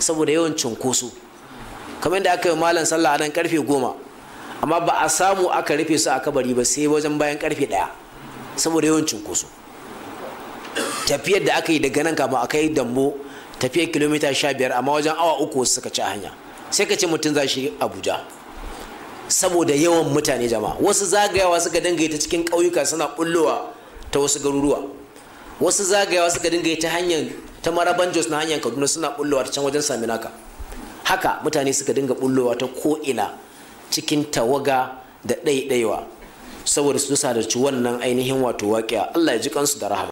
saboda yawan cunkoso kamar da aka yi malam sallah nan karfe goma amma ba a samu aka rufe su a kabari ba sai wajen bayan karfe daya, saboda yawan cunkoso tafiyar da aka yi daga nan kafin aka yi dambo tafiyar kilomita sha biyar amma wajen awa uku suka ci a hanya sai ka ce mutum za shi abuja saboda yawan mutane jama'a wasu zagayawa suka dinga ta cikin ƙauyuka suna bullowa ta wasu garuruwa wasu zagayawa suka dinga ta hanyar ta mara banjos na hanyar kaduna suna bullowa ta can wajen naka haka mutane suka dinga bullowa ta ko'ina cikin tawaga da ɗaiɗaiwa saboda su sadarci da ci wannan ainihin wato waƙiya allah ya ji kansu da rahama